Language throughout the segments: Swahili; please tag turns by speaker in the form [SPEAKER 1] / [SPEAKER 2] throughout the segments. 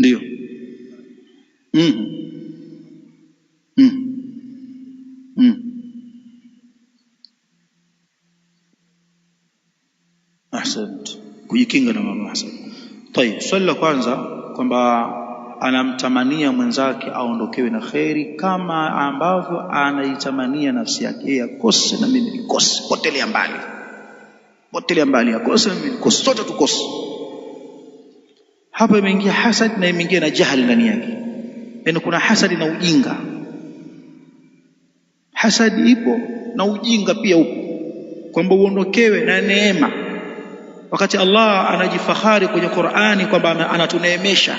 [SPEAKER 1] ndio mm. Mm. Mm. Ahsant. Kujikinga na mamasa. Tayeb, swali la kwanza kwamba anamtamania mwenzake aondokewe na kheri kama ambavyo anaitamania nafsi yake, yeye akose na mimi nikose, potelea mbali, potelea mbali, akose na mimi nikose, sote tukose. Hapa imeingia hasad na imeingia na jahali ndani yake, yaani kuna hasadi na ujinga. Hasadi ipo na ujinga pia upo, kwamba uondokewe na neema, wakati Allah anajifahari kwenye Qur'ani kwamba anatuneemesha.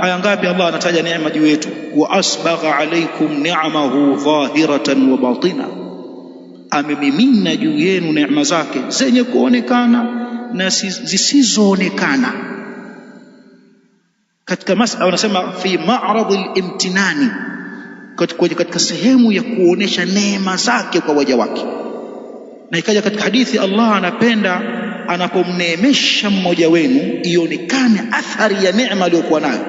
[SPEAKER 1] Aya ngapi Allah anataja neema juu yetu? wa asbagha alaykum ni'amahu dhahiratan wa batina, amemimina juu yenu neema zake zenye kuonekana na zisizoonekana katika masala wanasema fi marad al-imtinani, katika sehemu ya kuonesha neema zake kwa waja wake. Na ikaja katika hadithi, Allah anapenda anapomneemesha mmoja wenu ionekane athari ya neema aliyokuwa nayo.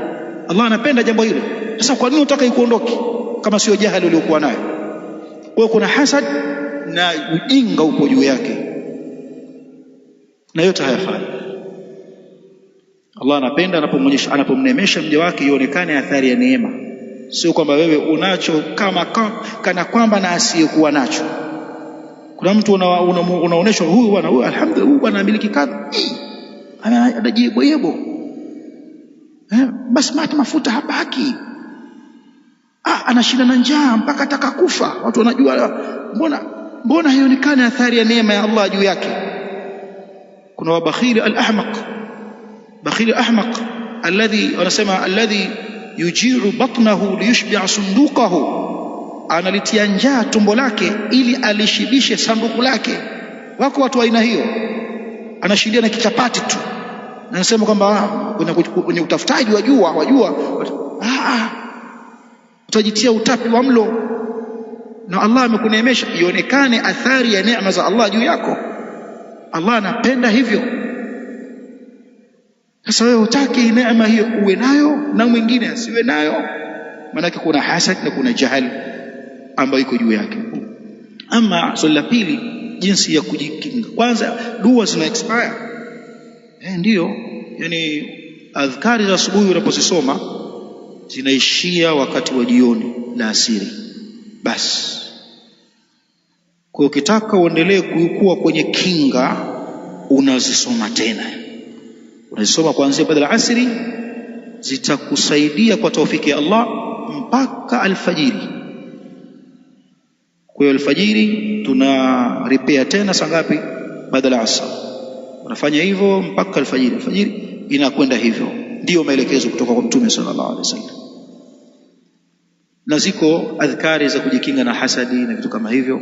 [SPEAKER 1] Allah anapenda jambo hilo. Sasa kwa nini unataka ikuondoke kama sio jahali uliokuwa nayo? Kwa hiyo kuna hasad na ujinga upo juu yake na yote hayafanyi. Allah anapenda anapomnyesha, anapomnemesha mja wake ionekane athari ya neema, sio kwamba wewe unacho kama kana kwamba na asiyekuwa nacho. Kuna mtu unaonyeshwa, huyu bwana, huyu alhamdulillah, huyu bwana amiliki kadha, anajiyebo yebo, eh, basi mata mafuta habaki, Ah, anashinda na njaa mpaka atakakufa. Watu wanajua mbona, mbona haionekane athari ya neema ya Allah juu yake? kuna wabakhili al bakhili ahmaq alladhi wanasema alladhi yujiu batnahu liyushbia sundukahu analitia njaa tumbo lake ili alishibishe sanduku lake wako watu aina hiyo anashindia na kichapati tu na anasema kwamba ah, kwenye utafutaji wajua wajua ah, ah, utajitia utapi wa mlo na Allah amekuneemesha ionekane athari ya neema za Allah juu yako Allah anapenda hivyo. Sasa wewe hutaki neema hiyo uwe nayo na mwingine asiwe nayo, maanake kuna hasad na kuna jahali ambayo iko juu yake. Ama swali la pili, jinsi ya kujikinga, kwanza dua zina expire. Eh, ndiyo, yani adhkari za asubuhi unapozisoma zinaishia wakati wa jioni la asiri basi kwa ukitaka uendelee kuikuwa kwenye kinga, unazisoma tena, unazisoma kuanzia baada ya asri, zitakusaidia kwa taufiki ya Allah mpaka alfajiri. Kwa hiyo alfajiri tuna ripea tena saa ngapi? Baada ya asr, unafanya hivyo mpaka alfajiri. Alfajiri inakwenda hivyo, ndiyo maelekezo kutoka kwa Mtume sallallahu alaihi wasallam na ziko adhkari za kujikinga na hasadi na vitu kama hivyo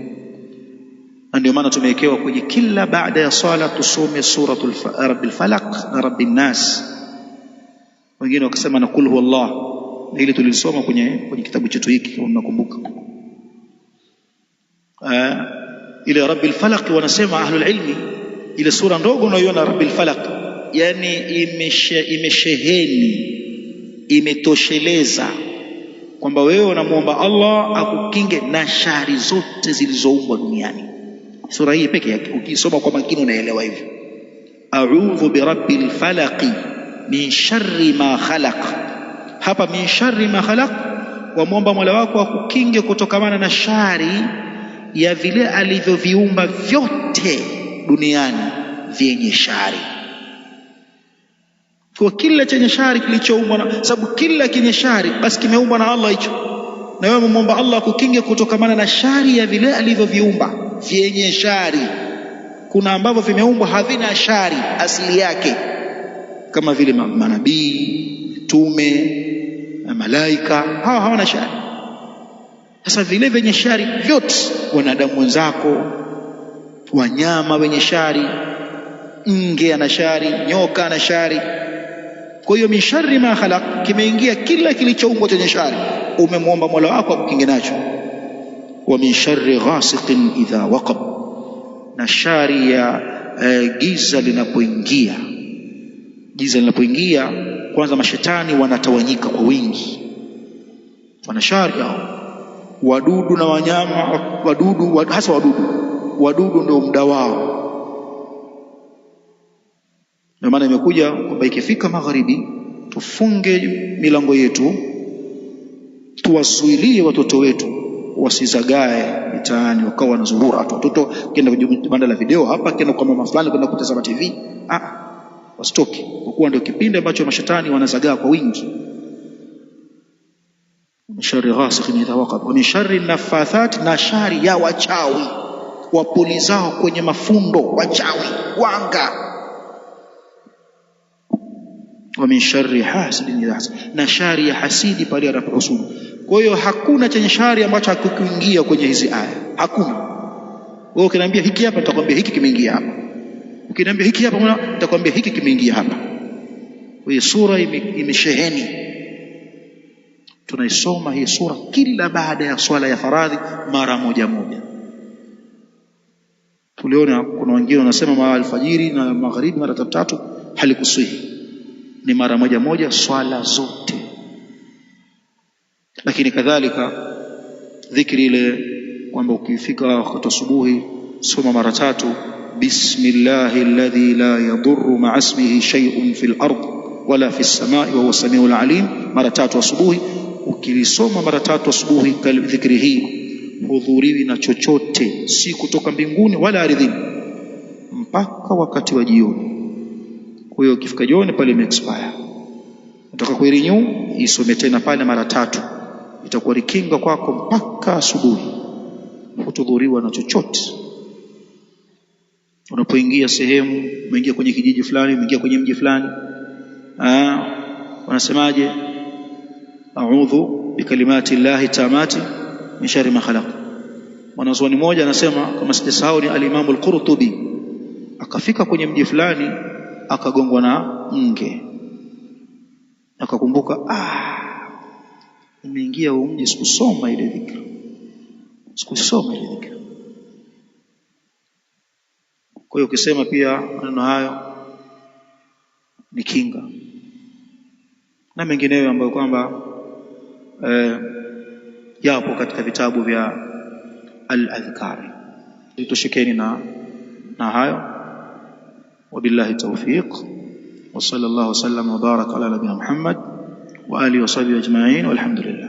[SPEAKER 1] na ndio maana tumewekewa kwenye kila baada ya swala tusome suratul rabbil falaq na rabbin nas. Wengine wakasema na kul huwallah, na ili tulilisoma kwenye kwenye kitabu chetu hiki, kama mnakumbuka. Ah, ile rabbil falaq wanasema ahlul ilmi, ile sura ndogo unaiona rabbil falaq, yani imesheheni, imetosheleza kwamba wewe unamuomba Allah akukinge na shari zote zilizoumbwa duniani. Sura hii peke yake ukisoma kwa makini unaelewa hivyo. A'udhu birabbil falaq min sharri ma khalaq. Hapa min sharri ma khalaq, wamwomba Mola wako akukinge kutokamana na shari ya vile alivyoviumba vyote duniani vyenye shari. Kwa kila chenye shari kilichoumbwa na sababu, kila chenye shari basi kimeumbwa na Allah hicho, na wewe umemwomba Allah akukinge kutokamana na shari ya vile alivyoviumba vyenye shari. Kuna ambavyo vimeumbwa havina shari asili yake, kama vile manabii, tume na malaika, hawa hawana shari. Sasa vile vyenye shari vyote, wanadamu wenzako, wanyama wenye shari, nge ana shari, nyoka ana shari. Kwa hiyo min sharri ma khalaq, kimeingia kila kilichoumbwa chenye shari. Umemwomba mola wako akukinge nacho wa min sharri ghasiqin idha waqab, na shari ya eh, giza linapoingia. Giza linapoingia, kwanza mashetani wanatawanyika kwa wingi, wanashari yao, wadudu na wanyama, wadudu hasa wadudu. Wadudu ndio muda wao. Ndio maana imekuja kwamba ikifika magharibi tufunge milango yetu, tuwazuilie watoto wetu wasizagae mitaani wakawa wanazurura watu, watoto kenda kwenye banda la video hapa, kenda kwa mama fulani kwenda kutazama TV. Ah, wasitoke, kwa kuwa ndio kipindi ambacho mashetani wanazagaa kwa wingi. Shari ghasikin idha waqab, ni shari nafathat, na shari ya wachawi wapulizao kwenye mafundo, wachawi wanga. Wa min sharri hasidin idha hasad, na shari ya hasidi pale anapohusudu kwa hiyo hakuna chenye shari ambacho hakikuingia kwenye hizi aya, hakuna. Wewe ukiniambia hiki hapa, nitakwambia hiki kimeingia hapa. Ukiniambia hiki hapa, nitakwambia hiki kimeingia hapa. Kwa hiyo sura imesheheni, tunaisoma hii sura kila baada ya swala ya faradhi mara moja moja. Tuliona kuna wengine wanasema mara alfajiri na magharibi mara tatu tatu, halikuswihi ni mara moja moja swala zote lakini kadhalika dhikri ile kwamba ukifika wakati asubuhi soma mara tatu bismillahi alladhi la yadurru ma'a ismihi shay'un fil ard wala fi samai wa huwa samiul alim, mara tatu asubuhi. Ukilisoma mara tatu asubuhi dhikri hii hudhuriwi na chochote, si kutoka mbinguni wala ardhini, mpaka wakati wa jioni. Kwa hiyo ukifika jioni pale ime expire, nataka kuirinyu isome tena pale mara tatu itakuwa rikinga kwako mpaka asubuhi, hutudhuriwa na chochote. Unapoingia sehemu, umeingia kwenye kijiji fulani, umeingia kwenye mji fulani, ah, wanasemaje? Audhu bikalimati llahi tamati min shari ma khalaq. Mwanazuoni mmoja anasema kama sijasahau ni Alimamu Alqurtubi, akafika kwenye mji fulani akagongwa na nge, akakumbuka ah umeingia huu mji sikusoma ile dhikra sikusoma ile dhikra kwa hiyo ukisema pia maneno hayo ni kinga na mengineyo ambayo kwamba eh, yapo katika vitabu vya al-adhkari litushikeni na na hayo وبالله التوفيق وصلى الله wa baraka ala nabina muhammad وآله وصحبه أجمعين والحمد لله